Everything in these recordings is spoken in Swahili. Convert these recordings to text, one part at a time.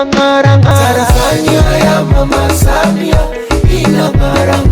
inangarangarang Tanzania ya mama Samia inangarangarang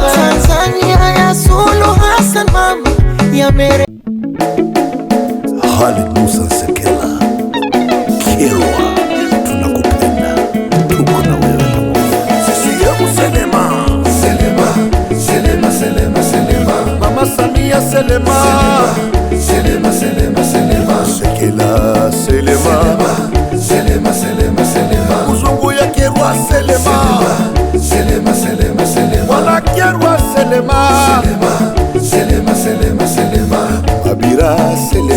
Será Selema Selema,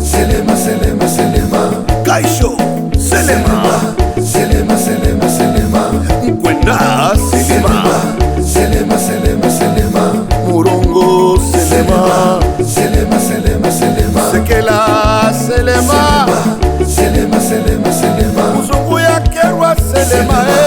Selema, le Selema se Selema Selema, se Selema Buena, se Selema, Selema, Selema Murongo, Selema Selema, Selema, Selema se Selema Selema, Selema, Selema Musongo se le Selema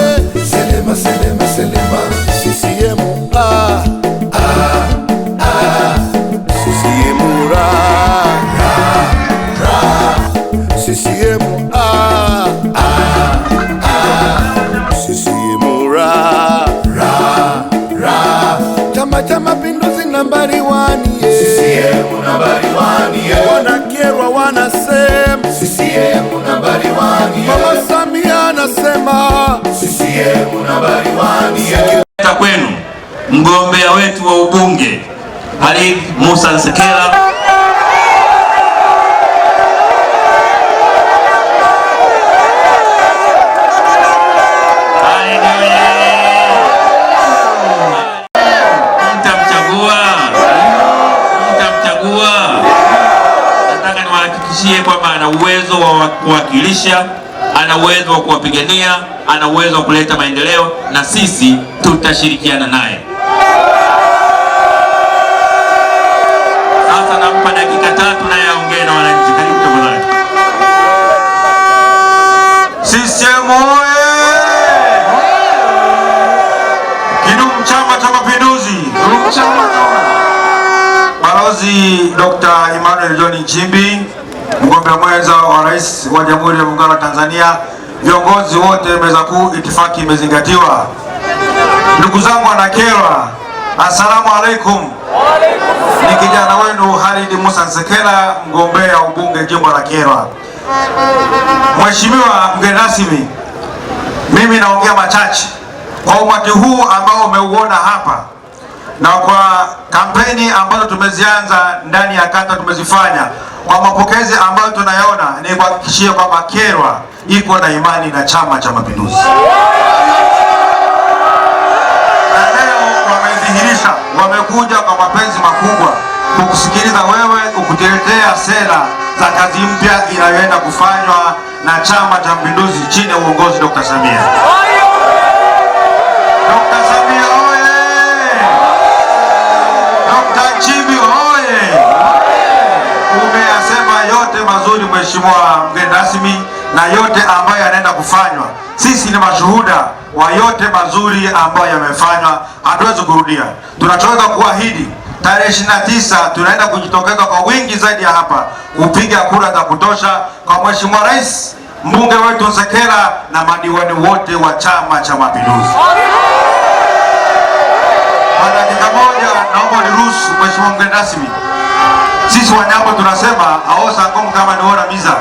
Said Musa Nsekela kwamba ana uwezo wa kuwakilisha, ana uwezo wa kuwapigania, ana uwezo wa kuleta maendeleo, na sisi tutashirikiana naye. kwa dakika tatu naye aongee na wananchi. Karibu tafadhali. CCM oyee! Kidumu Chama cha Mapinduzi! Balozi Dr. Emmanuel John Nchimbi, mgombea mwenza wa rais wa Jamhuri ya Muungano wa Tanzania, viongozi wote meza kuu, itifaki imezingatiwa. Ndugu zangu anakerwa assalamu alaikum ni kijana wenu harid Musa Nsekela, mgombea ubunge jimbo la Kyerwa. Mheshimiwa mgeni rasmi, mimi naongea machache kwa umati huu ambao umeuona hapa na kwa kampeni ambazo tumezianza ndani ya kata, tumezifanya kwa mapokezi ambayo tunayaona, ni kuhakikishia kwamba Kyerwa iko na imani na Chama cha Mapinduzi. wamekuja kwa mapenzi makubwa kukusikiliza wewe, ukutetea sera za kazi mpya inayoenda kufanywa na Chama cha Mapinduzi chini ya uongozi Dr. Samia. yote mazuri, Mheshimiwa mgeni rasmi, na yote ambayo yanaenda kufanywa, sisi ni mashuhuda wa yote mazuri ambayo yamefanywa. Hatuwezi kurudia, tunachoweza kuahidi tarehe ishirini na tisa tunaenda kujitokeza kwa wingi zaidi ya hapa kupiga kura za kutosha kwa Mheshimiwa Rais, mbunge wetu Nsekela na madiwani wote wa Chama cha Mapinduzi. Kwa dakika moja, naomba niruhusu Mheshimiwa mgeni rasmi, sisi Wanyambo tunasema aosa ngomu kama niona miza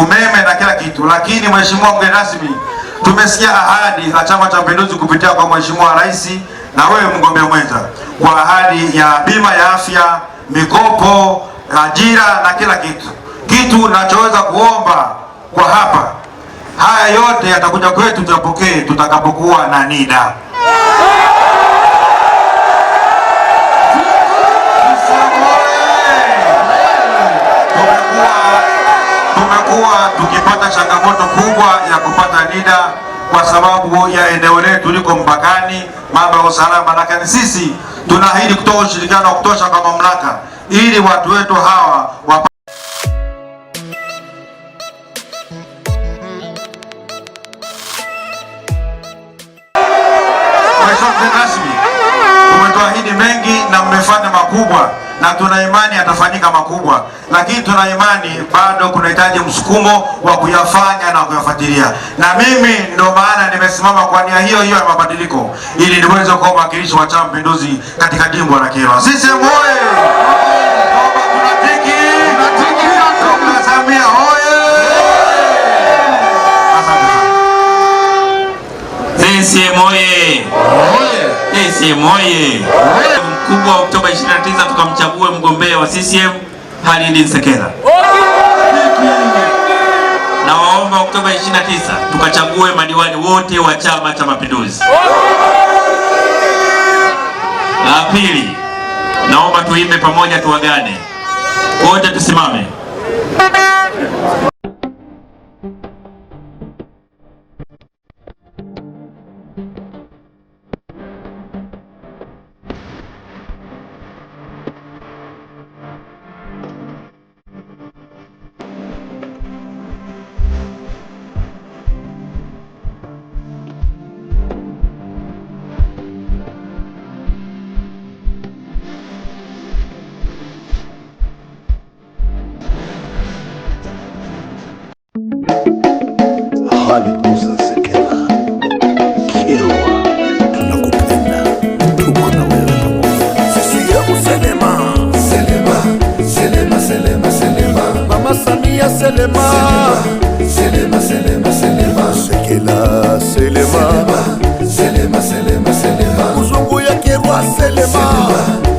umeme na kila kitu. Lakini mheshimiwa mgeni rasmi, tumesikia ahadi za Chama cha Mapinduzi kupitia kwa mheshimiwa rais na wewe mgombea mwenza kwa ahadi ya bima ya afya, mikopo, ajira na kila kitu. Kitu nachoweza kuomba kwa hapa, haya yote yatakuja kwetu, tuyapokee tutakapokuwa na NIDA. tumekuwa tukipata changamoto kubwa ya kupata NIDA kwa sababu ya eneo letu liko mpakani, mambo ya usalama, lakini sisi tunaahidi kutoa ushirikiano wa kutosha kwa mamlaka ili watu wetu hawa wapa rasmi umetoahidi mengi na mmefanya makubwa na tuna imani yatafanyika makubwa, lakini tuna imani bado kunahitaji msukumo wa kuyafanya na kuyafuatilia. Na mimi ndo maana nimesimama kwa nia hiyo hiyo ya mabadiliko, ili niweze kuwa mwakilishi wa Chama Mapinduzi katika jimbo la Kyerwa. Sisi oyee! Sisi moye. Sisi moye mkubwa Oktoba 29 tukamchague mgombea wa CCM Khalid Nsekela. Na waomba Oktoba 29 tukachague madiwani wote wa Chama cha Mapinduzi. La pili, naomba tuimbe pamoja tuwagane Wote tusimame. habari kuu za Sekela. Kyerwa, tunakupenda, tuko na wewe pamoja. Sisi ya kuselema selema selema selema selema, mama Samia selema selema selema selema, Sekela selema selema selema selema, kuzungu ya Kyerwa selema